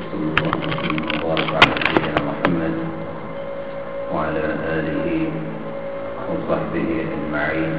وصلى الله وبارك على سيدنا محمد وعلى آله وصحبه أجمعين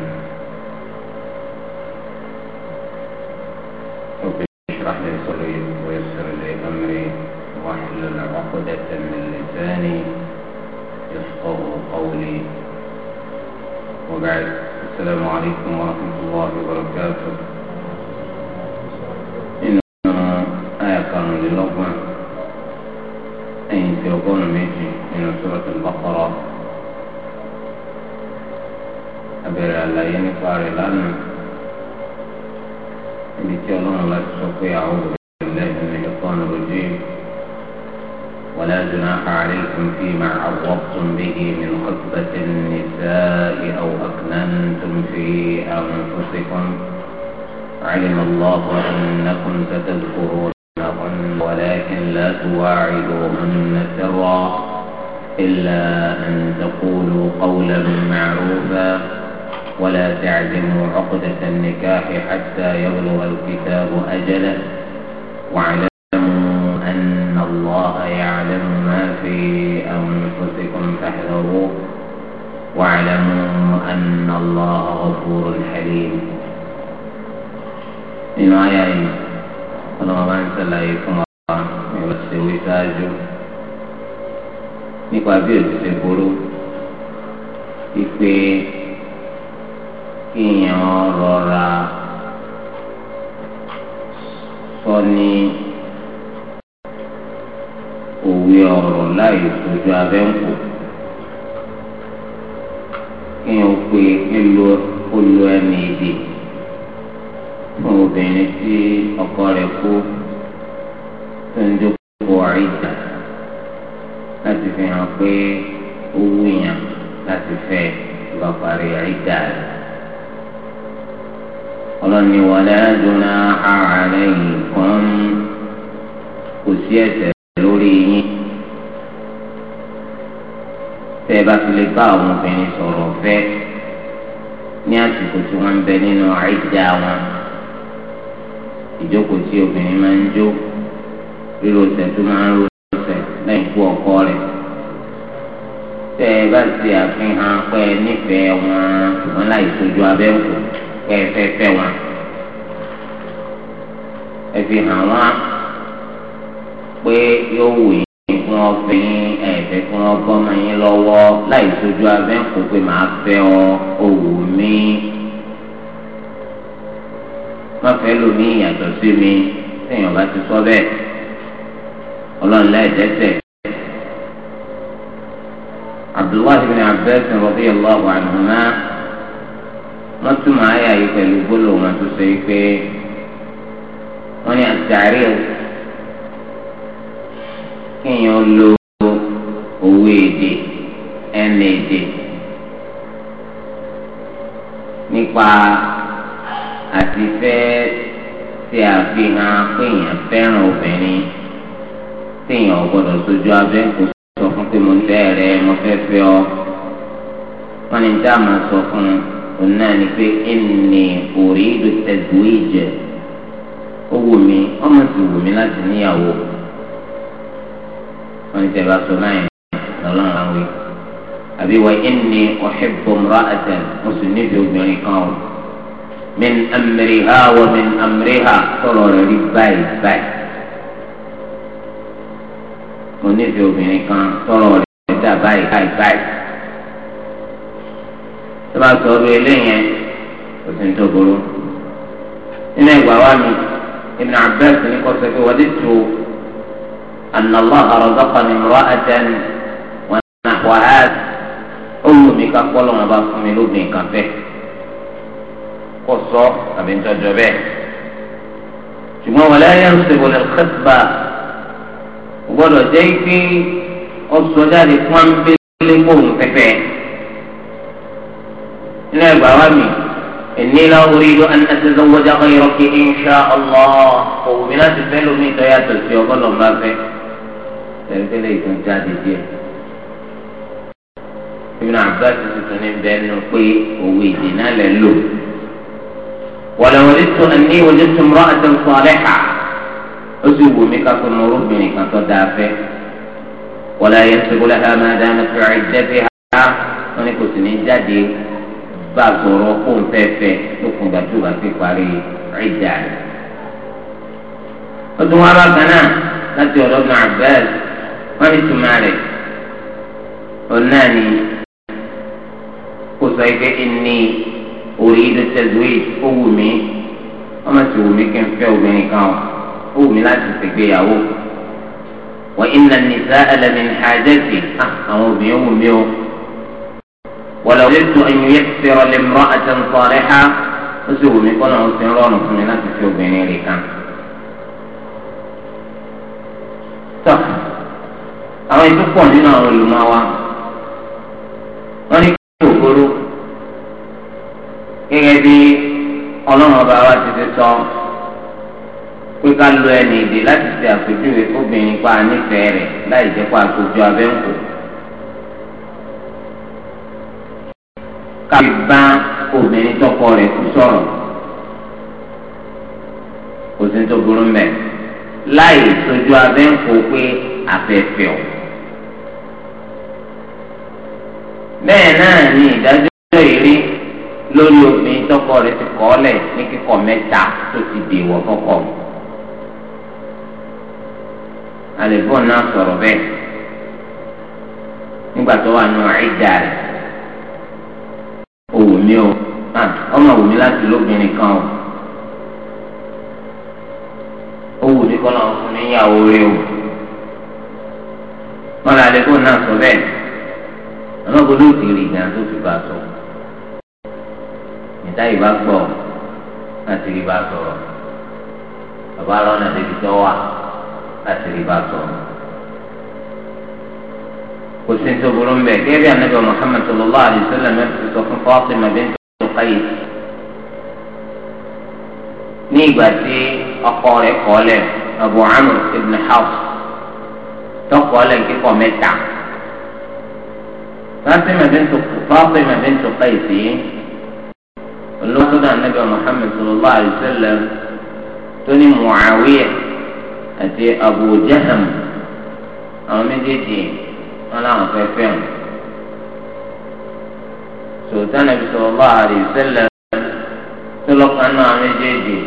أن تقولوا قولا معروفا ولا تعزموا عقدة النكاح حتى يبلغ الكتاب أجله واعلموا أن الله يعلم ما في أنفسكم فاحذروه واعلموا أن الله غفور حليم إن آيات yìí ọlọ́mọba ń sẹ́láyé fún nípa bí òṣìṣẹ́ burú wípé kíyàn rọra sọ ní òwe ọ̀rọ̀ láì sojú abẹ́ ń kù kíyàn pé kílò olú ẹni ìdè fún obìnrin tí ọkọ rẹ̀ kú tó ń jókòó àìsàn láti fi hàn pé owó yàn láti fẹ́ ìwà parí àìdá rẹ̀. ọlọ́ni wọlé dùnà àárẹ̀ yìí kan kò sí ẹ̀ṣẹ̀ lórí yín. tẹ́ ẹ bá ti lè bá àwọn obìnrin sọ̀rọ̀ fẹ́ ní àsìkò tí wọ́n ń bẹ nínú àìdá wọn ìjókòó tí obìnrin máa ń jó ríro tẹ̀tú máa ń ro ṣe àfihàn pé nífẹ̀ẹ́ wọn wọn láì sojú abẹ́ òkú pé fẹ́fẹ́ wọn ẹ hàn wọn pé yóò wù yín fún ọ̀fìn ẹ̀fẹ́ fún ọgbọ́mọ yín lọ́wọ́ láì sojú abẹ́ òkú pé màá fẹ́ ọ òwò mi má fẹ́ lómi ìyàtọ̀ sí mi sẹ́yìn ọba ti sọ bẹ́ẹ̀ ọlọ́run láì abdullahi bin abbas radiyallahu anhuma wọ́n túmọ̀ àyà yìí pẹ̀lú gbólóhùn wọn tó sọ yìí pé wọ́n ní àtàrí o kéèyàn lo owó èdè ẹnì èdè nípa àti fẹ́ ṣe àfihàn péèyàn fẹ́ràn obìnrin téèyàn ò gbọ́dọ̀ sójú abẹ́ kò tí mo tẹ́ rẹ mo fẹ́ fẹ́ ọ wọn ni tá a máa sọ fún un náà ni pé ẹnì òrí ló tẹ̀gbó ìjẹ ó wù mí ọmọ sì wù mí láti níyàwó wọn ni tẹ̀ bá sọ báyìí lọ́lọ́run àwọn wí àbí wọ ẹnì ọ̀hẹ́bùn ra'atan mo sì nífẹ̀ẹ́ obìnrin kan o min amriha wa min amriha sọ̀rọ̀ rẹ̀ mo nífẹ̀ẹ́ obìnrin kan tọrọ rẹ̀ dà báyìí báyìí báyìí tó bá sọ ọdún eléyẹn kò sí ní tó burú nínú ìgbà wa mi ibn Abbas ní kọ́sẹ́ pé wọ́n ti tu أن الله رزقني امرأة ونحوها ọlù mi ká kpọlọ wọn bá fún mi lóbìn kan fẹ kó sọ àbí ntọjọ bẹ́ẹ̀ ṣùgbọ́n wọlé ayé ń sèbọlẹ kẹsìbà gbọ́dọ̀ jẹ́ pé ọsọjáde pọnpẹlẹ kóhùn pẹpẹ nínú ẹgbà wa mi ẹni la uridu an atazawwaja ghayraki insha Allah òwò mi láti fẹ́ lómi ìtọ́yà tòṣì ọgọ́dọ̀ máa fẹ́ tẹ̀lifẹ́lẹ́ ìtàn jáde díẹ̀ Ibn Abbas tuntun ní bẹ́ẹ̀ nù pé òwe ìdènà lẹ́ lò wàlẹ̀ wọlé tó ẹni wọlé tó mọ́ àtẹ̀wọ̀sọ̀ alẹ́ hà ó sì wù mí ká pé mo rúbìnrin kan tó dáa fẹ́ wọlé ayé ń sèkúlẹ̀ ha máa dá mi fẹ́ ẹ̀jẹ̀ fi ha wọn ni kò sì ní jáde bá a sọ̀rọ̀ kó n fẹ́fẹ́ lókun ìgbà tó parí ẹ̀jẹ̀ rẹ̀. ó tún wá bá kan láti ọ̀dọ́ ibn wọ́n ní tùmọ̀ rẹ̀ òun náà ni kò sọ pé ẹni orí ìdó tẹ̀síwèé ó wù wọ́n má ti wù mí kí n fẹ́ obìnrin kan o ó wù mí láti ṣègbéyàwó wọ́n iná nìsa ẹlẹ́mìn hajẹ́sì ah, àwọn obìnrin wù mí o. wọ́lá wọlé tó ẹ̀yìn yẹ ti rọlẹ̀ mọ́ àtẹnusọ̀rẹ́ ha ó sì wù mí kọ́nà ó sì rọrùn fún mi láti fi obìnrin rè kan. tọ́ àwọn ètò pọ̀ nínú àwọn olùmọ̀ wa wọ́n ní kí òkúrú gẹ́gẹ́ bí ọlọ́run ọba wa ti ti sọ pé ká lo ẹnì èdè láti ṣe àpèjúwe obìnrin pa nífẹ̀ẹ́ rẹ̀ láì jẹ́ kó àtòjú abẹ́ ń kò. ká fi bá obìnrin tọkọ rẹ̀ kú sọ̀rọ̀ kò sí tó burú mẹ́ láì sojú abẹ́ ń kò pé afẹ́fẹ́ o. bẹ́ẹ̀ náà ni ìdájọ́ ìrí lórí obìnrin tọkọ rẹ̀ ti kọ́ ọ́ lẹ̀ ní kíkọ́ mẹ́ta tó ti dèwọ̀ kọ́kọ́ mu. alẹ́bùn náà sọ̀rọ̀ bẹ́ẹ̀ nígbà tó wà nù ẹ̀dá rẹ̀ o ọmọ òwò mi láti lóbìnrin kan o òwò mi kọ́ fún mi o wọn lọ náà sọ bẹ́ẹ̀ ọlọ́gbọ́n ti rí ìgbà tó fi bá sọ níta ìbá gbọ́ láti rí sọ̀rọ̀ bàbá láti rí bá sọ. kò sí tó burú mbẹ kébí anabi muhammed sallallahu alayhi wa sallam ẹ ti sọ fún Fatima bint Qais ní ìgbà tí ọkọ rẹ̀ kọlẹ Abu Amr ibn Hafs tọkọlẹ kíkọ mẹ́ta Fatima bint Fatima bint Qais yìí olóòtú náà anabi muhammed sallallahu alayhi wa sallam tó ní Muawiya àti Abu Jaham àwọn méjèèjì wọn làwọn fẹ́ fẹ́ràn sòtán nàbí sallallahu alaihi wasallam tọlọkan náà méjèèjì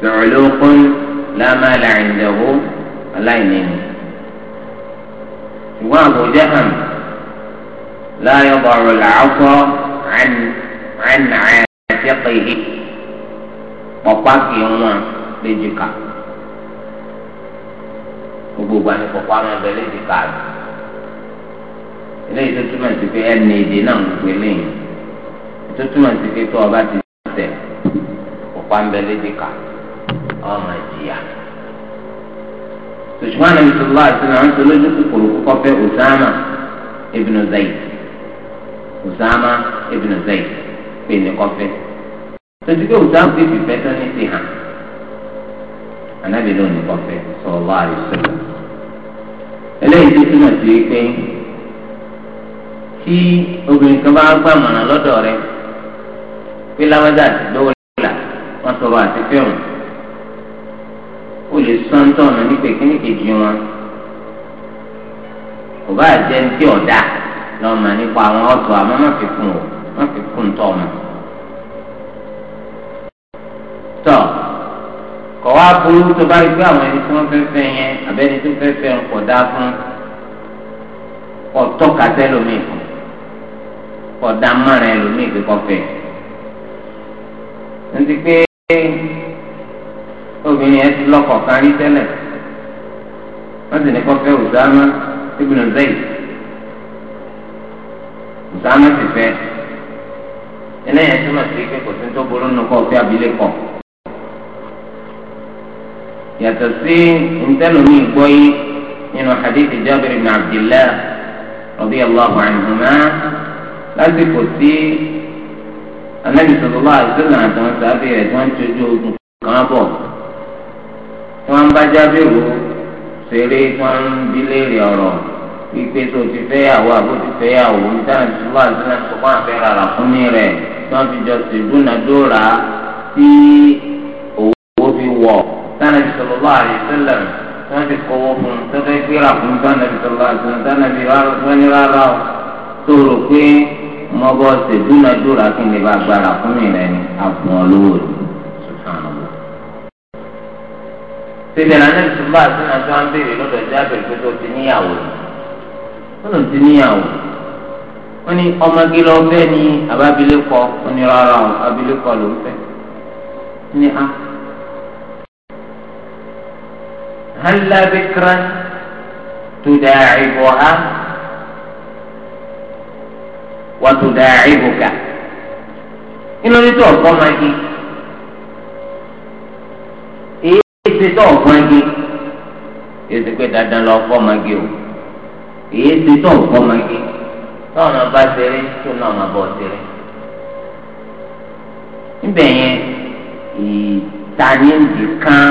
su'ulukun la mala 'indahu aláìní ni ṣùgbọ́n Abu Jaham la yada'u al-'asa pọ̀pá kì í wọn léjìká. gbogbo gba ní àwọn ọbẹ̀ lè di káàdì eléyìí tó túmọ̀ sí pé ẹnì èdè náà ń gbé ọba ti tẹ̀ kọ̀kọ́ àwọn ọbẹ̀ lè di ọmọ ìjìyà tòṣùmọ́ àná bisalòlá àti náà ń lójú kòkòrò fẹ́ pé ní tòṣù pé fi tán ní ti hàn eléyìí tó túmọ̀ sí pé tí obìnrin kan bá gbàmọ̀ràn lọ́dọ̀ rẹ pé lámẹ́dà ti lówó là wọ́n sọ̀rọ̀ àti fẹ́ràn ó lè sán tọ̀nà nípa ìkíní kejì wọn kò bá jẹ́ ní tí ọ̀dà lọ́mọ nípa àwọn ọ̀tọ̀ àmọ́ má fi kún o má fi kún tọ̀ ọ̀mọ́ burú tó bá rí pé àwọn ẹni tí wọ́n fẹ́ fẹ́ yẹn àbẹ́ni tó fẹ́ fẹ́ ń pọ̀ dá fún ọ̀tọ́ kàtẹ́ lómi fún ọ̀dà márùn ẹ̀ lómi ìgbé kọfẹ́. Ntí pé obìnrin yẹn ti lọ́kọ̀ kan rí tẹ́lẹ̀ wọ́n sì ní kọfẹ́ Usama ibn Zayd Usama sì fẹ́ ẹ̀ lẹ́yìn ẹ̀ túmọ̀ sí pé kò sí tó burú nù kọ́ fẹ́ abilékọ̀ọ́. yàtọ̀ sí ntẹ́lómi gbọ́ yìí nínú hadith Jabir ibn Abdillah radiyallahu anhuma wípé tó ti àbó ti nítorí rárá fún mi rẹ̀ tí wọ́n fi jọ tí. sallam wọ́n ti kọ́wọ́ fún un tó fẹ́ gbéra fún sanabi sallallahu alaihi wasallam sanabi wọ́n ní rárá o tó rò pé mo bọ́ ṣe dúnadúrà kí ni bá gbára fún mi rẹ̀ ni àfọ̀n olówó rẹ̀. Ṣèbí ẹ̀rọ anábì tó bá àtúnà tó ń béèrè lọ́dọ̀ jábẹ̀ pé tó ti níyàwó ni. Ó ti níyàwó. Wọ́n ní ọmọge lọ fẹ́ ni àbábílẹ̀kọ. Wọ́n ní rárá o, àbílẹ̀kọ ló ń fẹ́. Ní a. Ah, هلا بكرا تداعبها وتداعبك inú ní tó ọ̀gbọ́n máa gé èyí ti tó ọ̀gbọ́n gé èyí ti pé dandan lọ ọ̀gbọ́n máa gé o èyí ti tó ọ̀gbọ́n máa gé náà náà bá ṣeré tó náà máa bọ̀ ṣeré níbẹ̀ yẹn ìtanìyàn kan.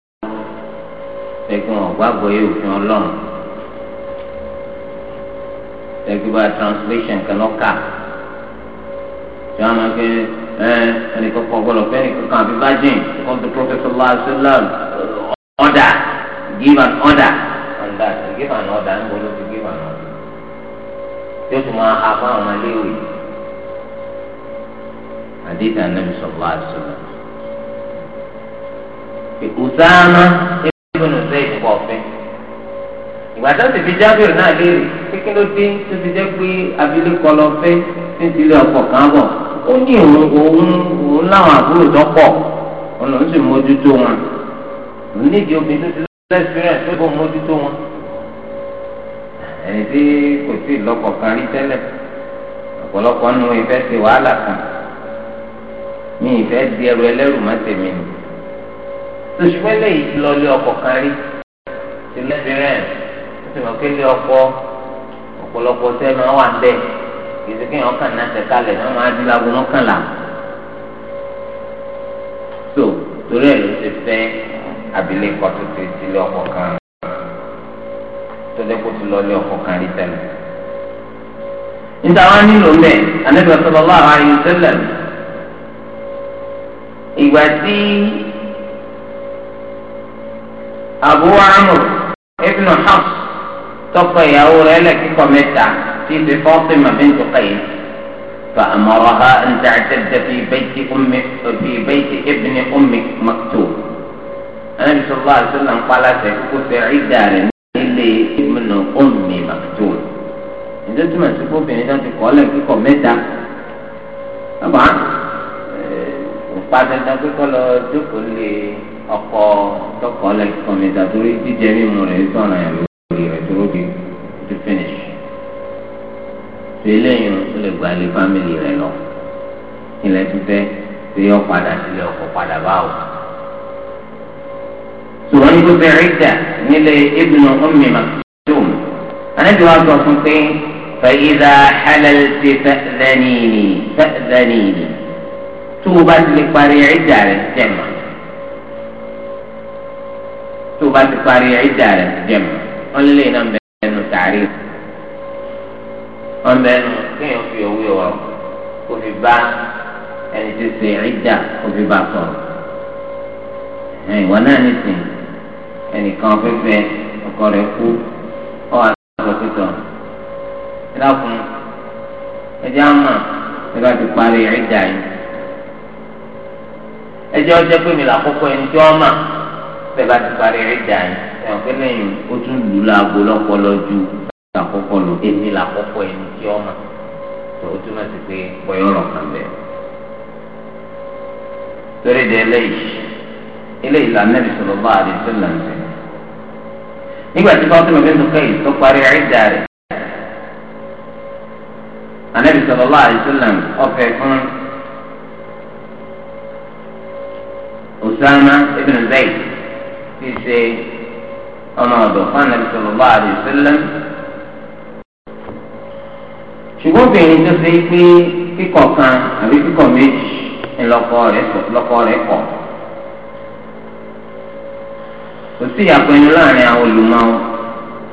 tẹ́gbọ́n ọ̀gbàgbọ́ yóò fi ọlọ́run tẹ́gbọ́n translation kanọ́kà tí wọ́n máa ń pè ẹ́ ẹnìkan kan gbọ́dọ̀ fẹ́ ẹnìkan kan àbí virgin come to Prophet sallallahu alaihi wasallam order give an order on that give an order ń bolo ti give an order tí ó tún máa ha fún àwọn aléwì àdéhùn anábì sallallahu alaihi wasallam. Usama ibùnú zayd wọ ọ̀fẹ́ ìgbàdàn ti fi jábìrì náà léèrè kékeré ló dé tó fi jẹ́ pé abilékọ lọ fẹ́ ní ìdílé ọkọ̀ kan bọ̀ ó ní òun òun òun láwọn àbúrò tó pọ̀ ọ̀nà ó sì mójútó wọn òun nídìí obìnrin tó ti lẹ́sìrẹ́ǹsì tó kò mójútó wọn ẹni tí kò sí ìlọ́kọ̀ kan rí tẹ́lẹ̀ ọ̀pọ̀lọpọ̀ nínú ìfẹ́ ṣe wàhálà kan mi ìfẹ́ di ẹrù ẹlẹ́rù má tèmi nù sòṣùpẹ́lẹ́ yìí lọ lé ọkọ̀ kan rí ti lẹ́bìrẹ́ ó sì mọ̀ pé ọkọ̀ ọ̀pọ̀lọpọ̀ sẹ́ wà ń bẹ̀ kìsì kí wọ́n kàn náà tẹ̀kálẹ̀ náà máa di lago mọ́kànlá. tó torí ẹ̀ ló ti fẹ́ abilékọ tó ti ti lé ọkọ̀ kan tó lọ lé ọkọ̀ kan rí tẹ́lẹ̀. wọn nílò mẹ́ anábìyàn أبو عمرو ابن حفص طب يا ولالك قمت في فاطمة بنت قيس فأمرها أن تعتد في بيت أمك في بيت ابن أمك مكتوب. النبي صلى الله عليه وسلم قال سيكون في عدار اللي ابن أمي مكتوب. إذا أنتم تقول في عدار تقول لك فيكم طبعا وبعد أن تقول له تقول لي ọkọ tọkọ lẹ́kọ̀ọ́ níta torí jíjẹ mímu rẹ̀ sọ̀rọ̀ yẹn lórí rẹ̀ tó lóde to finish. Fèlè yìí ó lè gba ilé fámìlì rẹ̀ lọ. Ilẹ̀ ti fẹ́ pé ó sílẹ̀ ọkọ̀ padà báwò. Sùwọ́n ní tó bẹ̀rẹ̀ ìjà nílé Ibnu Ummi Maktum. Ànábì wa sọ fún pé fẹ̀yìdà xẹlẹ̀lẹ̀tì fẹ̀dánìní fẹ̀dánìní. Tó o bá ti lè parí ìjà rẹ̀ jẹ̀mọ̀ tó o bá ti parí ìdá rẹ̀ jẹ̀m wọ́n lé iná bẹ́ẹ̀ nù tààrí wọ́n bẹ́ẹ̀ nù kéèyàn fi owó ìwà kó fi bá ẹni tó ṣe ìdá kó fi bá sọ̀rọ̀ ìwọ náà nìsín ẹnìkan fẹ́fẹ́ ọkọ rẹ̀ kú ọ àtàkùn títọ̀ ìdákun ẹjẹ́ àmà nígbà tó parí ìdá yìí ẹjẹ́ ọjọ́ pé mi là kọ́kọ́ ẹni tí wọ́n mà bẹ́ẹ̀ bá ti parí ẹ̀dá yìí ẹ̀wọ̀n pé lẹ́yìn ó tún lù ú láago lọ́pọlọ ju àkọ́kọ́ lò èmi làkọ́kọ́ ẹni tí ó mọ̀ tó o túmọ̀ sí pé bọ́yọ̀ ọ̀rọ̀ kan bẹ̀. torí de eléyìí eléyìí là nẹ́bi sọ̀rọ̀ bá àdìsí là ń sẹ́. nígbà tí Fatima bintu Qais tó parí ẹ̀dá rẹ̀ anabi sallallahu alaihi wasallam ọfẹ fún Usama ibn Zayd tí í ṣe ọmọ ọ̀dọ̀ fún Ànábì sallallahu alaihi wasallam. ṣùgbọ́n obìnrin tó ṣe pé kíkọ̀ kan àbí kíkọ̀ méjì ńlọkọ rẹ̀ kọ̀ kò sí ìyàpọ̀ ẹni láàrin àwọn olùmọ̀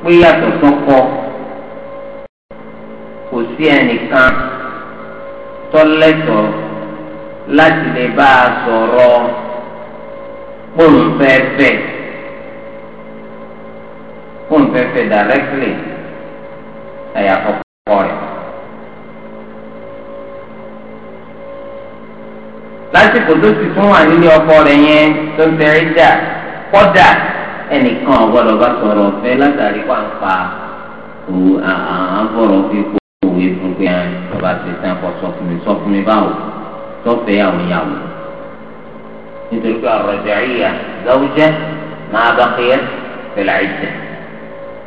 pé yàtọ̀ sọ́kọ kò sí ẹnìkan tọ́lẹ́tọ̀ láti lè bá a sọ̀rọ̀ pòun fẹ́ẹ́fẹ́ẹ́ fún fẹ́fẹ́ directly ẹ̀yà kọ́kọ́ rẹ̀. lásìkò tó ti tún wà nílé ọkọ rẹ̀ yẹn tó ń bẹ̀rẹ̀ dà kọ́dà ẹnìkan ọ̀gbọ́dọ̀ bá sọ̀rọ̀ ọ̀fẹ́ látàrí pàǹpà àbọ̀rọ̀ fi kó òwe fún pé ọba ti tán kọ́ sọ fún mi sọ fún mi báwo tọ́fẹ́ àwọn ìyàwó nítorí pé ọ̀rọ̀ ìjà yíyà zawja ma baqiya fil idda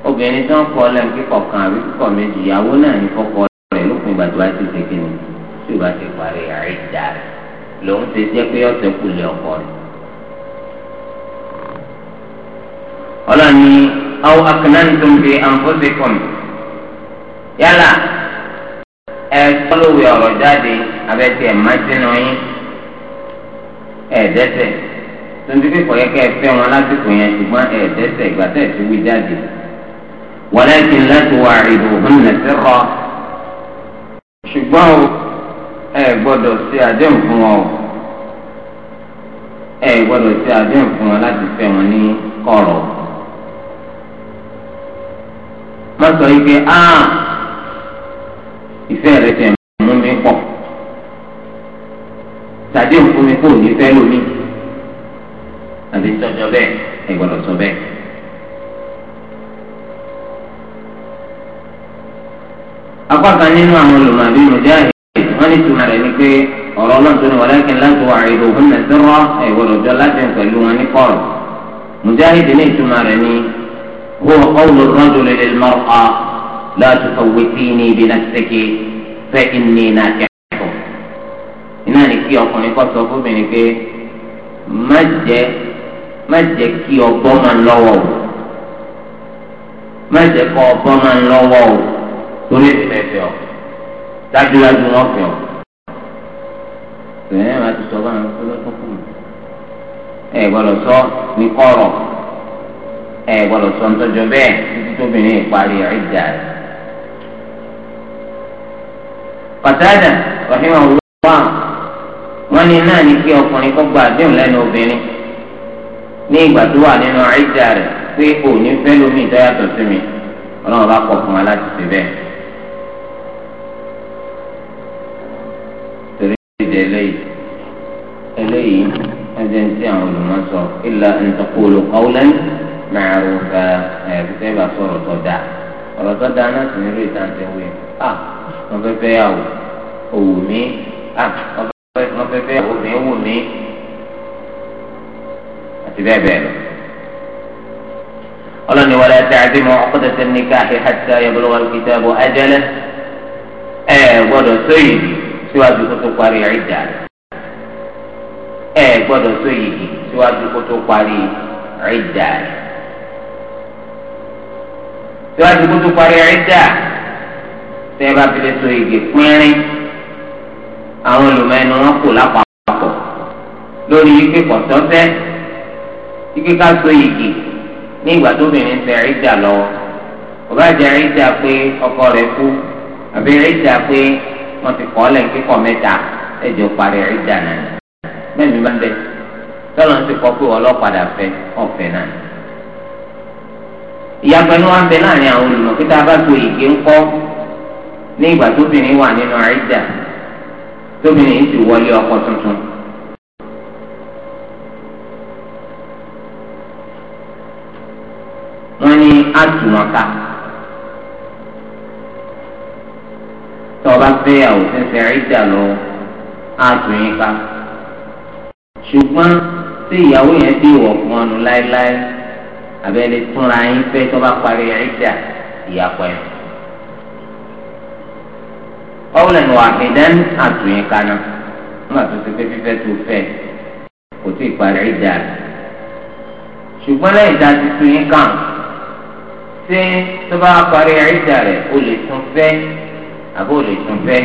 obìnrin tó ń kọ lẹ́nu kíkọ̀ kan àbí kíkọ̀ méjì ìyàwó náà ní kọ́kọ́ rẹ̀ lópin ìgbà tó bá ti ṣèké ni tí o bá ti parí àrí ìjà rẹ̀ lòun ti jẹ́ pé ọ̀sẹ̀ kù lé ọkọ rẹ̀. ọlọ́ni àwọn akínánitún fi àǹfọ̀sẹ̀kọ̀n yálà ẹ sọ́lọ́wì ọ̀rọ̀ jáde abẹ́tẹ̀ ẹ̀mátínú yín ẹ̀ẹ́dẹ́sẹ̀ tuntun kíkọ̀ yẹ kẹ́ ẹ fẹ́ wọn lásìkò yẹn ṣùgbọ́n ẹ̀ẹ́dẹ́sẹ̀ ìgbà tẹ̀ ti wí jáde. ولكن لا تواعدوهن سرا ṣùgbọ́n o ẹ gbọ́dọ̀ ṣe àdéhùn fún wọn o ẹ gbọ́dọ̀ ṣe àdéhùn fún wọn láti fẹ́ wọn ní kọ̀rọ̀ má sọ yìí pé á ìfẹ́ rẹ tẹ̀ mú mi pọ̀ ṣàdéhùn fún mi kò ní fẹ́ lómi àti sọjọ́ bẹ́ẹ̀ ẹ gbọ́dọ̀ sọ bẹ́ẹ̀. apá kan nínú àwọn olùmọ̀bí mujahid wọ́n ní tuma rẹ̀ ni pé ọ̀rọ̀ ọlọ́ọ̀tún ni walakin la tuwa'iduhunna sirra ẹ̀wọ̀rọ̀ jọ láti pẹ̀lú wọn ní kọ́ọ̀rọ̀ mujahid ní ìtumọ̀ rẹ̀ ni huwa qawlu rajuli lil mar'a la tufawwitini bi nafsiki fa inni nakihuki. iná ni kí ọkùnrin kọ́ sọ fóbìnrin pé má jẹ́ má jẹ́ kí ọgbọ́n má torí ìdílé ẹ̀fẹ̀ ọ̀ dájúdájú wọn fẹ̀ ọ̀ sẹ́yìn máa ti sọ báyìí lọ́kọ́ lọ́kọ́ fún mi. ẹ gbọ́dọ̀ sọ ní kọ́rọ̀ ẹ gbọ́dọ̀ sọ nítọ́jọ́ bẹ́ẹ̀ títí tóbìnrin ìparí ẹ̀dá rẹ̀. Qatada rahimahullah wọ́n ní náà ní kí ọkùnrin kó gba àdéhùn lẹ́nu obìnrin ní ìgbà tó wà nínú ẹ̀dá rẹ̀ pé òní fẹ́ lómi ìdáyàtọ̀ sí mi ọlọ́run bá kọ̀ fún wa láti ṣe bẹ́ẹ̀. di eléyìí eléyìí ẹjẹ ń tí àwọn olùmọ̀ sọ illa an taqulu qawlan ma'rufa ẹ̀ẹ́dẹ́gbẹ́ bá sọ̀rọ̀ tó dáa ọ̀rọ̀ tó dáa náà sì ní lóye tàǹtẹ̀ wí à wọ́n fẹ́ fẹ́ yà wò òwò mi à wọ́n fẹ́ fẹ́ yà wò mí wò mí àti bẹ́ẹ̀ bẹ́ẹ̀ lọ. ọlọ́ni wala ta'zimu 'uqdatan nikahi hatta yablugha al-kitabu ajalahu ẹ̀ gbọ́dọ̀ sóyè síwájú kó tó parí ẹ̀rídà rẹ̀ ẹ gbọ́dọ̀ sọ yìí síwájú kó tó parí ẹ̀rídà rẹ̀ síwájú kó tó parí ẹ̀rídà tẹ́ ẹ bá fi lè sọ yìí pínrín àwọn olùmọ̀ ẹnu wọn kò lápapọ̀ lórí ike kọ̀tọ́tẹ́ ike ká sọ yìí ní ìgbà tóbìnrin tẹ ẹ̀rídà lọ ọba jẹ ẹ̀rídà pé ọkọ rẹ̀ kú àbí ẹ̀rídà pé. wọn ti kọ́ lẹ́yìn kíkọ́ mẹ́ta ẹ̀jọ̀ parí ẹ̀dá náà mẹ́mi máa ń bẹ tọ́lọ́ ti kọ́ pé ọlọ́padà fẹ́ ọ̀fẹ́ náà. ìyàgbẹ́nu wa ń bẹ láàrin àwọn olùmọ̀ bá to ìgé ńkọ́ ní ìgbà tóbìnrin wà nínú tóbìnrin ti wọlé ọkọ tuntun. wọ́n ní àtúnwọ̀n gbéyàwó fẹ́fẹ́ ẹ̀dà lọ àtún yín ká ṣùgbọ́n tí ìyàwó yẹn bí ìwọ̀ fún ọnu láéláé abẹ́lé túnra yín fẹ́ tó bá parí ẹ̀dà ìyàpọ̀ ẹ̀. ọ̀wọ́lẹ̀ ní wà ìdán àtún yín ká náà nígbà tó ti fẹ́ fífẹ́ tó fẹ́ kò tí ì parí ẹ̀dà rẹ̀ ṣùgbọ́n lẹ́yìn tá a ti tún yín kàn ṣé tó bá parí ẹ̀dà rẹ̀ o lè tún fẹ́ àbó lè tún fẹ́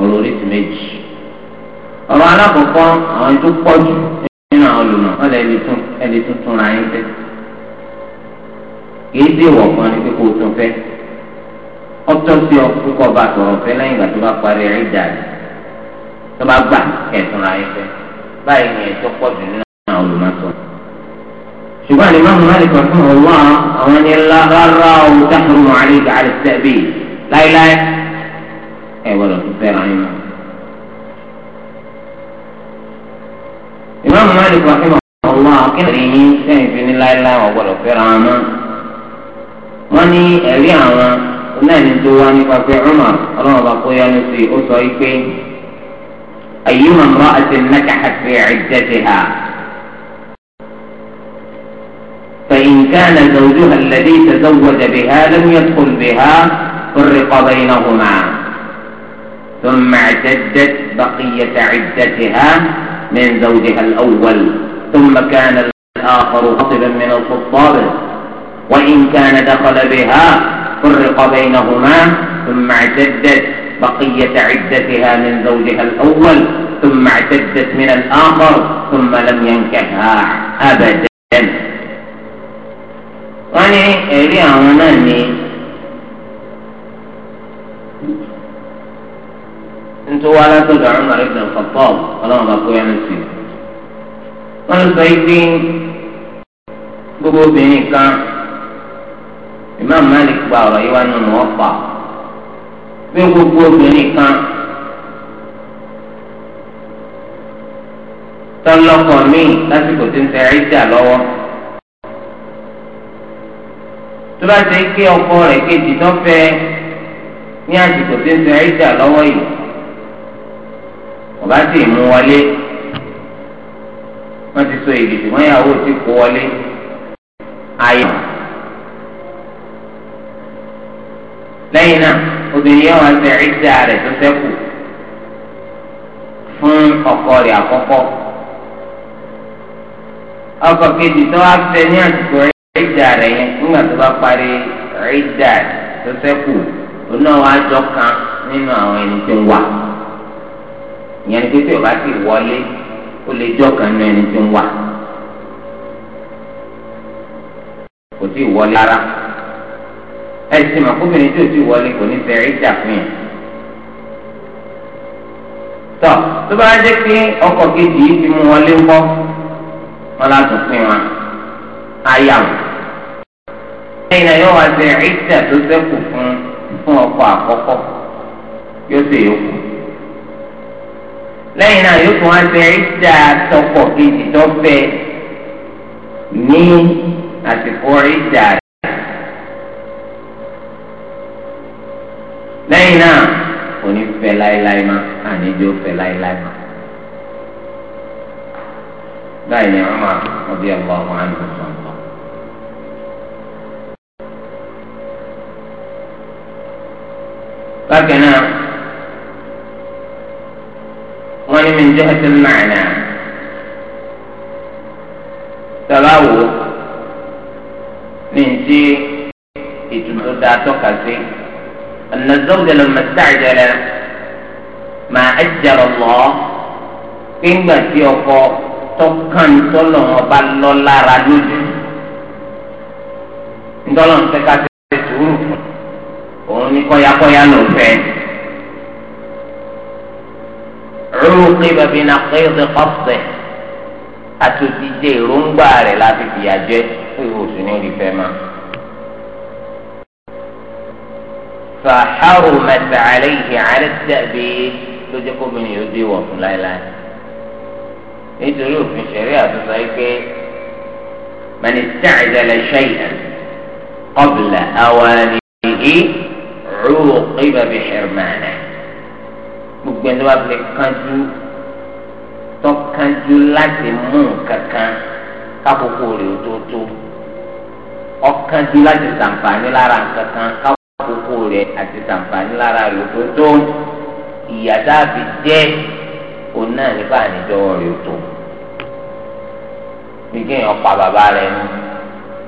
ọ̀rọ̀ oríṣi méjì ọ̀rọ̀ alákọ̀ọ́kọ́ àwọn tó pọ̀ jù nínú àwọn olùmọ̀ wọn lè ẹni tún ẹni tún tún ra yín fẹ́ kìí dé ìwọ̀ kan ní kíkó tún fẹ́ ọtọ́ sí ọ kíkọ́ bá tọ̀rọ̀ fẹ́ lẹ́yìn ìgbà tó bá parí ẹ̀ dà ní tó bá gbà kẹ̀tún ra yín fẹ́ báyìí ni ẹ̀tọ́ pọ̀ nínú àwọn olùmọ̀ sọ ṣùgbọ́n àlè máa mú láti kàn fún ọ̀rọ̀ àwọn ẹni ńlá rárá o dáhùn mọ́ àlè ìgbà àlè sẹ́ẹ̀bì láéláé. ẹ gbọ́dọ̀ tó fẹ́ra yín mọ́. ìmáàmù Malik rahimah Allah akínrin yín sẹ́yìn fi ní láéláé wọ́n gbọ́dọ̀ fẹ́ra wọn mọ́. wọ́n ní ẹ̀rí àwọn onáìní tó wá nípa pé Umar ọlọ́run bá kó yánu sí i ó sọ yí pé ayyuma imra'atin nakahat fi 'iddatiha. فإن كان زوجها الذي تزوج بها لم يدخل بها فرق بينهما ثم اعتدت بقية عدتها من زوجها الأول ثم كان الآخر خطبا من الخطاب وإن كان دخل بها فرق بينهما ثم اعتدت بقية عدتها من زوجها الأول ثم اعتدت من الآخر ثم لم ينكحها أبدا. وأنا ntụwara wàá látọ̀dọ̀ àwọn ọmọ ìbùdó kọ̀pọ̀ ọlọ́run bá kó yẹn sí i. wọ́n sọ ibi gbogbo obìnrin kan Imam Malik gba ọ̀rọ̀ yìí wá nínú wọn pa pé gbogbo obìnrin kan tọ́lọ́kọ̀ míì lásìkò ọkọ ní àsìkò tí ń yìí. ọba ti mú wọlé wọ́n ti so èdè tí wọ́n yàwó ti kó wọlé ayọ̀ lẹ́yìn náà obìnrin yẹn wọ́n ṣe ìdá rẹ̀ tó ṣẹ́kù fún ọkọ rẹ̀ àkọ́kọ́ ọkọ kejì tó wá fẹ́ ní àsìkò ìdá rẹ̀ yẹn nígbà tó bá parí ìdá tó ṣẹ́kù òun náà jọ kan nínú àwọn ẹni tó ń wà ìyẹn tí tí o bá ti wọlé ó lè jọ kan ní ẹni tí ń wà kò tí ì wọlé rárá ẹ ti mọ̀ kóbìnrin tí o ti wọlé kò ní bẹ̀rẹ̀ ìjà fún yẹn tọ tó bá jẹ́ pé ọkọ kejì yìí ti mú wọlé ńkọ́ wọn láti pín wọn ayé àwọn lẹ́yìn náà yóò wá bẹ̀rẹ̀ ìjà tó ṣẹ́kù fún fún ọkọ àkọ́kọ́ yóò ṣe yòókù lẹ́yìn náà yóò tún wá ṣe ìdá tọkọ kejì tó fẹ́ ní àsìkò ìdá rẹ̀. lẹ́yìn náà kò ní fẹ́ láéláé má àníjó fẹ́ láéláé má. báyìí ni àwọn ọmọ ọdí ọgbà ọmọ àná sọ̀rọ̀. من جهة المعنى تباو ننتي إتمتع تقسي أن الزوج لما استعجل ما أجر الله إما تيوكو تقن تلوه بلو لارا لجو ntọ́lọ́n fẹ́ ká ṣe sùúrù fún òun ní kọ́yákọ́yá ló fẹ́ عوقب بنقيض قصده àtòjíjẹ èròǹgbà rẹ̀ láti fìyà jẹ ìwò oṣù ní orí fẹ́ máa. fàhárò mẹtàlẹ́ ìhìn àárẹ̀ dàbí ló jẹ́ kóbìnrin yóò dé wọ̀ fún láéláé. nítorí òfin ṣẹ̀rí àtúntò yìí pé mẹni tẹ̀sílẹ̀ ṣẹ́yìn ọ̀bìlà àwọn ènìyàn rúwò ìbàbí ṣẹ̀rìmánà gbogbo ẹni wàá fi kánjú tọ́kánjú láti mú kankan kákòókò rẹ̀ òtótó ọ̀kánjú láti sàǹfààní lára kankan kákòókò rẹ̀ àti sàǹfààní lára rẹ̀ òtótó ìyàtọ̀ àfi jẹ́ òun náà nípa àníjọ́wọ́ rẹ̀ òtó bí kéèyàn pa bàbá rẹ̀ nù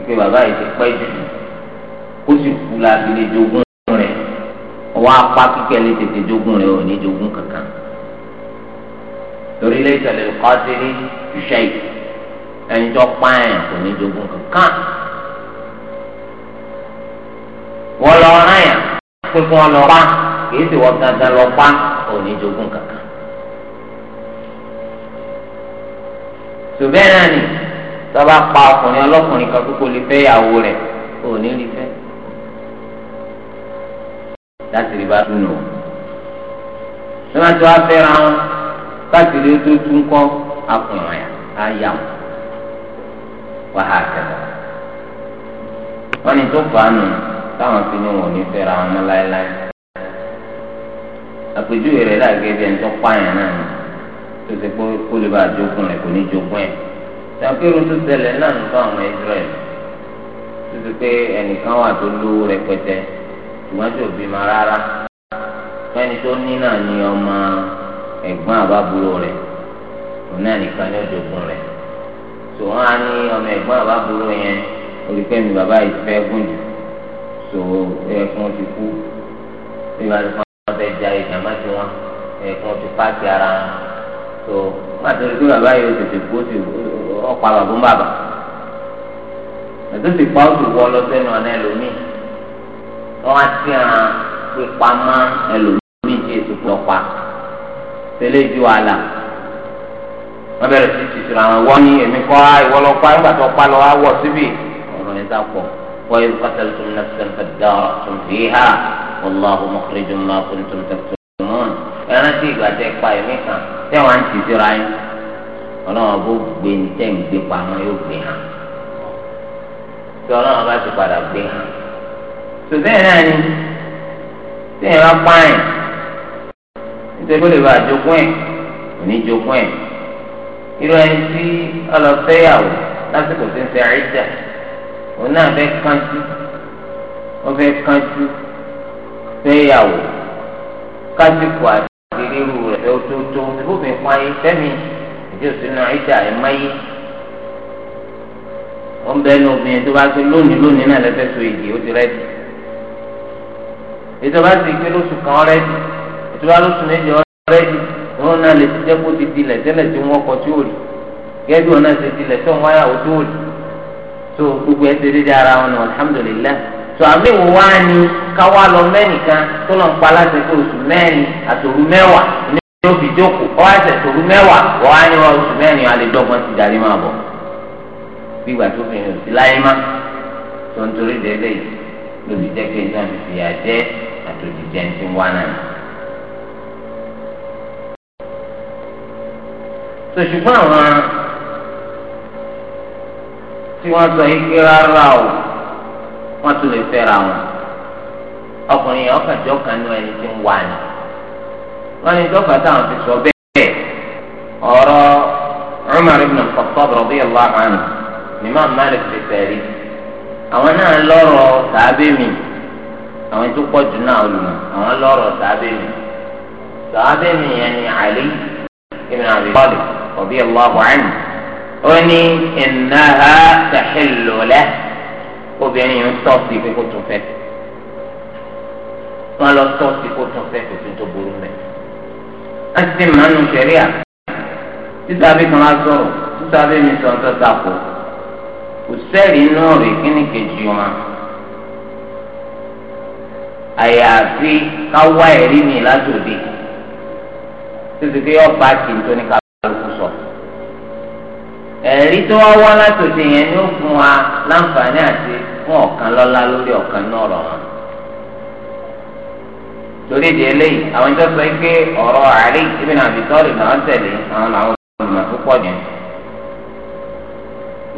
pé bàbá yìí ti pẹ́ jù kó sì kú la fi lè jogún wọn apá kíkẹ́ lè tètè jogún rẹ̀ ò ní jogún kankan torí lè tẹ̀lé kọ́sírí ṣiṣẹ́ yìí ẹni tó pààyàn kò ní jogún kankan wọ́n lọ ráyà pé kí wọ́n lọ pa kìí sì wọ́n gangan lọ pa ò ní jogún kankan. tùbẹ́ náà ni tọ́ba pa ọkùnrin ọlọ́kùnrin kan kókó lè fẹ́ ìyàwó rẹ̀ ò ní rí fẹ́ láti rí bá dùn nù. Sọ́nà tí wàá fẹ́ra wọn láti rí tó tún kọ́ akùnrin àyà ayà wọn. Wàhálà kẹlẹ̀. Wọ́n ní tó fà á nù táwọn fi ní wọn ò ní fẹ́ra wọn mọ́ láéláé. Àpèjúwe rẹ̀ dàgẹ́ bí ẹni tó pààyàn náà ni tó ti pé kó lè bá àjogún rẹ̀ kò ní jogún ẹ̀. Ṣàpérò tó ṣẹlẹ̀ náà ń bá àwọn Israẹ̀lì. Tó ti pé ẹnìkan wà tó lówó rẹpẹtẹ ṣùgbọ́n tí ò bímọ rárá fẹ́ni tó ní náà ni ọmọ ẹ̀gbọ́n àbábúrò rẹ̀ òun náà nìkan ní òjòkun rẹ̀ tò wọ́n á ní ọmọ ẹ̀gbọ́n àbábúrò yẹn olùkẹ́mi bàbá yìí fẹ́ gùn jù tò ẹ̀kún ti kú bí wàá ti fún wọn fẹ́ ja ìjàmbá tí wọn ẹ̀kún ti pààkì ara wọn tò wọ́n àti olùkẹ́mi bàbá yìí ó tètè kó sí ọ̀pá bàbá bàbá ètò ìpá ó sì wọ́ lọ wọn á ti hàn pípamọ́ ẹlòmíì tí èso pọ̀ pa tẹ́lẹ̀ ju àlà wọn bẹ̀rẹ̀ sí ti sọ̀rọ̀ àwọn wọ́n ní èmi kọ́ ìwọ lọ pa nígbà tó pa lọ wá wọ̀ síbi ọ̀rọ̀ yẹn sá pọ̀ wọ́n yóò kọ́tà tó ń nàfẹ́ fẹ́dá tó fi hà wàlláhu mọ̀kìrìjù máa kún tó ń tẹ̀sí mọ́ọ̀n ẹran tí ìgbà tẹ pa ẹ̀mí kan tẹ́ wọ́n á ti sọ̀rọ̀ ayé ọlọ́run bó gbé ní tẹ́ ń gbé pamọ́ yóò gbé hàn tí ọlọ́run bá ti padà gbé hàn tòbẹ́ẹ̀ náà ni téèyàn bá pààyàn nítorí ó lè bá àjogún ẹ̀ òní jogún ẹ̀ irú ẹni tí ọlọ́fẹ́yàwó lásìkò tí ń ṣe àìjà òun náà fẹ́ kánjú wọ́n fẹ́ kánjú fẹ́yàwó kásìkò àti irú rẹ̀ fẹ́ tó tó ìbúfin pààyàn fẹ́mi ìdí òsínú àìjà ẹ̀ máyé wọ́n bẹ́ẹ̀ ní obìnrin tó bá tó lónìí lónìí náà lẹ́fẹ̀ẹ́ so èdè ó ti rẹ́dì ìjọba ti gbé lóṣù kan ọ̀rẹ́dì ìjọba lóṣù méjì ọ̀rẹ́dì òun náà lè ti jẹ́ kó ti dilẹ̀ tẹ́lẹ̀ tí wọ́n kọ tí ò rí gẹ́gẹ́ bí òun náà ti dilẹ̀ tó ń wáyàwó tó ò rí tó gbogbo ẹ̀ ti dédé ara wọn nù alhamdulilayi tó àmì wò wá ní káwá lọ mẹ́nìkan tó lọ́n pa láti pé oṣù mẹ́rin àtòru mẹ́wàá ní yóò fi jókòó ọwọ́ àti àtòru mẹ́wàá wọ́n á ní wọn oṣù mẹ́rin lóbi jẹ́ pé náà ti fi àjẹ́ àtòjì jẹ́ ń ti wá náà. sòṣùgbọ́n àwọn tí wọ́n sọ yìí pé rárá o wọ́n tún lè fẹ́ra wọn ọkùnrin yẹn ọkàjọ́ kan ní ẹni tí ń wá ni wọ́n ní dọ́gba táwọn ti sọ bẹ́ẹ̀ ọ̀rọ̀ Umar ibn al-Khattab radiyallahu anhu ni Imam Malik ti fẹ́ rí i àwọn náà lọ́rọ̀ sàábẹ́ mi àwọn tó pọ̀ jù náà lù àwọn lọ́rọ̀ sàábẹ́ mi sàábẹ́ mi yẹn ni Ali ibn Abi Talib radiyallahu anhu ó ní innaha tahillu lahu obìnrin yìí ń tọ́ sí pé kó tún fẹ́ wọn lọ tọ́ sí kó fẹ́ kó tó burú mẹ́. a ti máa sẹ́ríà títà kan á sọ̀rọ̀ títà bí mi sọ̀tọ̀ ta kò. kò sẹ́ẹ̀rì inú rẹ̀ kíní kejì wọn àyàfi káwá ẹ̀rí mi látòdì títí pé ọba kì í tó ní kálukú sọ ẹ̀rí tó wá wá látòdì yẹn ni ó fún wa láǹfààní àti fún ọ̀kan lọ́lá lórí ọ̀kan náà rọ̀ wọn torí ìdí eléyìí àwọn ìjọ sọ pé ọ̀rọ̀ àárí ibi náà àbí sọ́ọ̀rì náà tẹ̀lé àwọn làwọn jù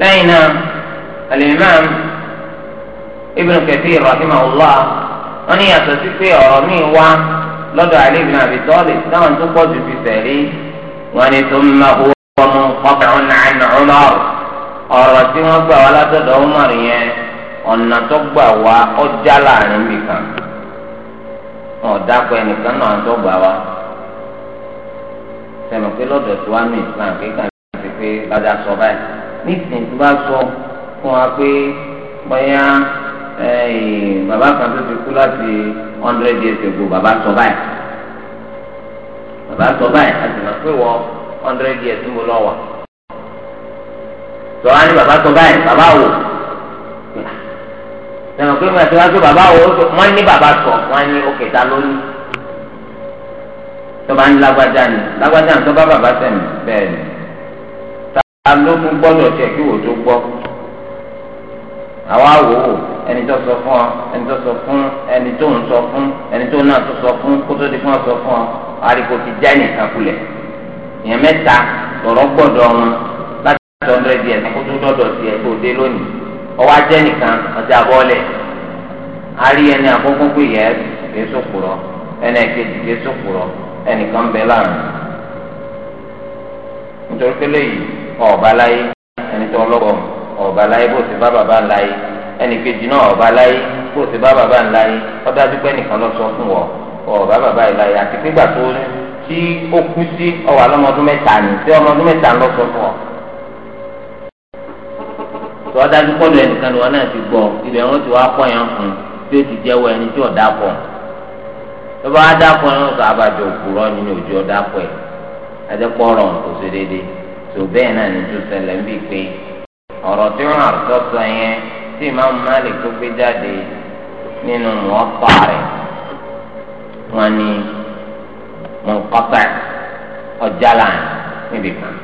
lẹ́yìn náà. alimam ibn kathir rahimahullah wọn ní yàtọ̀ sí pé ọ̀rọ̀ míì wá lọ́dọ̀ ali ibn abi talib táwọn tó pọ̀ jù fi sẹ̀rí wọn ni tó ń ma huwa munqati'un 'an umar ọ̀rọ̀ tí wọ́n gbà wá látọ̀dọ̀ umar yẹn ọ̀nà tó gbà wá ọjà láàrin nìkan ọ̀dàpọ̀ ẹnìkan náà tó gbà wá sẹ̀mọ̀ pé fún wa pé bóyá eh, bàbá kan tó ti kú láti hundred years ago bàbá sọ báyìí bàbá sọ báyìí a sì máa pé wọ hundred years ń bọ̀ lọ́wọ́ sọ wá ní bàbá sọ báyìí bàbá wò sọ̀rọ̀ pé mo ti wá pé bàbá wò wọ́n ní bàbá sọ wọ́n ní òkè ta ló ní tọ́ba ń lágbájá ni lágbájá ni tọ́ba bàbá sẹ̀mí bẹ́ẹ̀ ni ta ló fún gbọ́dọ̀ tẹ̀ kí wò tó gbọ́ àwa wò ó ẹni tó sọ fún ọ ẹni tó sọ fún ẹni tó ń sọ fún ẹni tó náà tó sọ fún kó tó di fún ọ sọ fún ọ àríkò ti já nìkan kulẹ̀ ìyẹn mẹ́ta lọ̀rọ̀ gbọ́dọ̀ wọn láti hundred years kó tó dọ̀dọ̀ sí ẹ tó dé lónìí ọwọ́ ajẹ́ nìkan ọjà bọ́ọ̀lẹ̀ àárí ẹni àkọ́kọ́ pé yẹ ẹ kìí sòkùrọ̀ ẹni ẹ̀kejì kìí sòkùrọ̀ ẹnìkan bẹ láàrin nítorí pé lẹ́yìn ọ̀ọ́ba láyé ẹni ọba láyé bó ti bá bàbá ńlá yìí ẹnìkejì náà ọba láyé bó ti bá bàbá ńlá yìí ọdá dúpẹ́ nìkan lọ sọ fún wọ ọba bàbá ńlá yìí àti pé gbà tí ó kú sí ọwà lọ́mọdún mẹ́ta ni tí ọmọdún mẹ́ta lọ sọ fún ọ. tó ọdá dúpọ́ lọ ẹnìkan lọ náà ti gbọ́ ibẹ̀ wọn ti wá pọ̀ yẹn fún tí ó ti jẹ́wọ́ ẹni tí ọ̀dà pọ̀ lọ́ba á dápọ̀ ẹ̀ ọ̀sán abàjọ òkúrọ̀ nínú òjò ọ̀dà pọ̀ ẹ̀ adẹ́pọ̀ ọ̀rọ̀ kò sí déédéé tó bẹ́ẹ̀ náà ní tó ṣẹlẹ̀ ọ̀rọ̀ tí wọ́n àtọ́sọ yẹn tí ìmáàmù Malik tó gbé jáde nínú mọ́pá rẹ̀ wọ́n ní mọ́pátá ọjà láàyè níbi kan.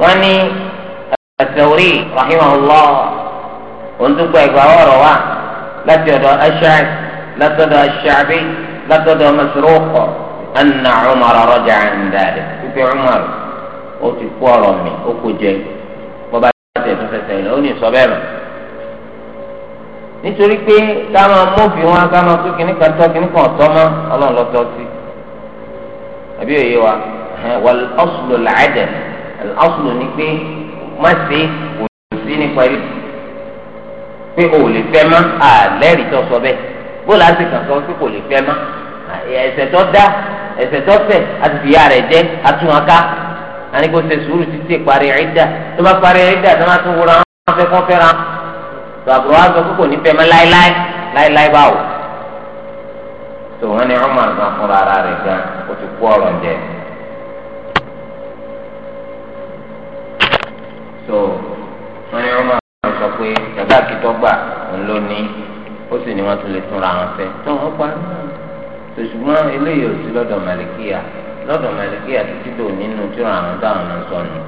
wọ́n ní ẹ̀sẹ̀wòrì rahimahullah òǹdúgbò ẹ̀gbà ọ̀rọ̀ wa láti ọ̀dọ̀ aṣáájú látọ̀dọ̀ aṣáájú látọ̀dọ̀ Masruq anna Umar raja'a 'an dhalik fífi Umar ó ti kú ọ̀rọ̀ mi ó kó jẹ́ ní ìsọ̀bẹ́ rẹ̀ nítorí pé ká máa mọ́fìn wọn ká máa tó kíní kan tọ́ kíní kan tọ́ mọ́ ọlọ́run lọ́tọ́ sí àbí òye wa wal aslu al-adam al ni pé má ṣe kò sí nípa rí pé o ò lè fẹ́ mọ́ àlẹ́rìí tó sọ bẹ́ẹ̀ bó láti kàn sọ pé kò lè fẹ́ mọ́ ẹ̀ṣẹ̀ tó dá ẹ̀ṣẹ̀ tó fẹ̀ àti fìyà rẹ̀ jẹ́ àtúnwá ká ṣe sùúrù títí parí ẹ̀dá tó bá parí ẹ̀dá tó má tún wúra wọn fẹ́ kọ́ fẹ́ra tó àbúrò wa sọ pé kò ní fẹ́ mọ́ láéláé láéláé báwò tó wọn ni Umar gan fúnra ara rẹ̀ gan ó ti kú ọ̀rọ̀ jẹ. so wọn ni Umar sọ pé dàgbà kìtọ́gbà ńlọ ní ó sì ní wọn tún lè túnra wọn fẹ́ tó wọn pa ṣùgbọ́n eléyìí ò sí lọ́dọ̀ màlìkíyà lọ́dọ̀ màlìkíyà títí dò nínú tí wọn àwọn táwọn náà sọnù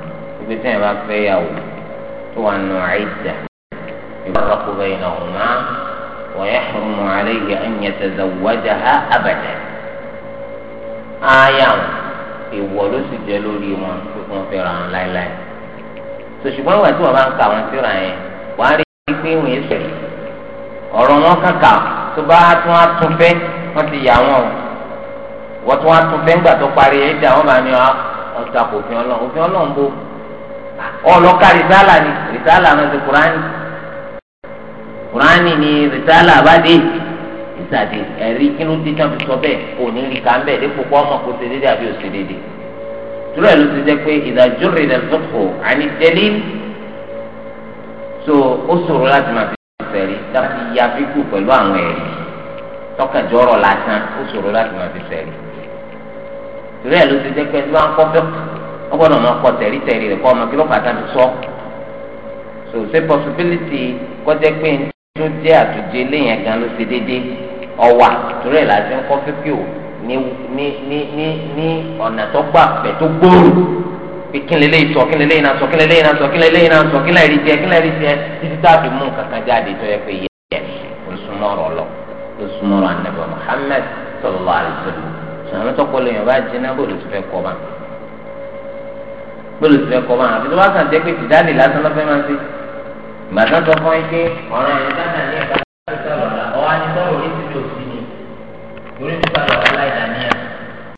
ibi tí wọn bá fẹ́ yà wò. وأن عدة يفرق بينهما ويحرم عليه أن يتزوجها أبدا آية ìwọ̀lú sì jẹ́ lórí wọn tó kún fẹ́ra láéláé sòṣùgbọ́n ìwà tí wọ́n bá ń ka wọn síra yẹn wàá rí i pé wọ́n yé sẹ̀rẹ̀ ọ̀rọ̀ wọn kàkà tó bá tún á tún fẹ́ wọ́n ti yà wọ́n wọ́n tún á tún fẹ́ ńgbà tó parí wọ́n bá ní ah, ọlọ́run òfin ọlọ́run bó ọlọ́ka rìsálà ni rìsálà náà ti kúránì kúránì ni rìsálà bá dé ìsàdé ẹ̀rí kí ló dé tán fi sọ bẹ́ẹ̀ kò ní rí ká ń bẹ́ẹ̀ dípò kó ọmọ kó ṣe déédéé àbí ò ṣe déédéé ló ti jẹ́ pé ìdájọ́ rẹ̀ lè àní tẹ́lẹ̀ so ó ṣòro láti máa fi sẹ̀rí láti ya fíkù pẹ̀lú àwọn ẹ̀rí tọkànjọ́rọ̀ lásán ó ṣòro láti máa fi sẹ̀rí tura ló ti jẹ́ pé ẹni máa ń kọ́ fẹ́kù wọ́n gbọ́dọ̀ máa kọ tẹ̀rí tẹ̀rí rẹ̀ kọ́ ọmọ kí ló fà tàbí sọ. so ṣe possibility kọjá pé tó jẹ́ àtúnjẹ léyìn gan ló ṣe déédéé ọ̀wà torí ẹ̀ láti ń kọ́ fífíò ní ní ní ní ní ọ̀nà tó gbà pẹ̀ tó gbòòrò pé kí lè léyìn sọ kí lè léyìn náà sọ kí lè léyìn náà sọ kí lè léyìn náà sọ kí lè rí jẹ kí lè rí jẹ títí tá a fi mú nǹkan kan jáde tó yẹ pé yẹ olùsùnmọ́rọ̀ lọ olùsùnmọ́rọ̀ ànàbọ̀ Muhammad sallallahu alaihi wasallam sọ̀rọ̀ tó kọ́ lóyún ọba jẹ́ náà bó lè tún fẹ́ kọ́ bá gbọ́dọ̀ tilẹ̀ kọ́ máa àfi tó bá kàn jẹ́ pé tìdáàlì lásán lọ́fẹ́ máa ń ṣe gbàtà tó fọ́n ike ọ̀ràn ẹ̀ dáná ní ẹ̀ka tó sọ̀rọ̀ ọ̀wá ní sọ̀rọ̀ orí ti tó sí ni orí ti sọ̀rọ̀ ọ̀la ìdàníyàn.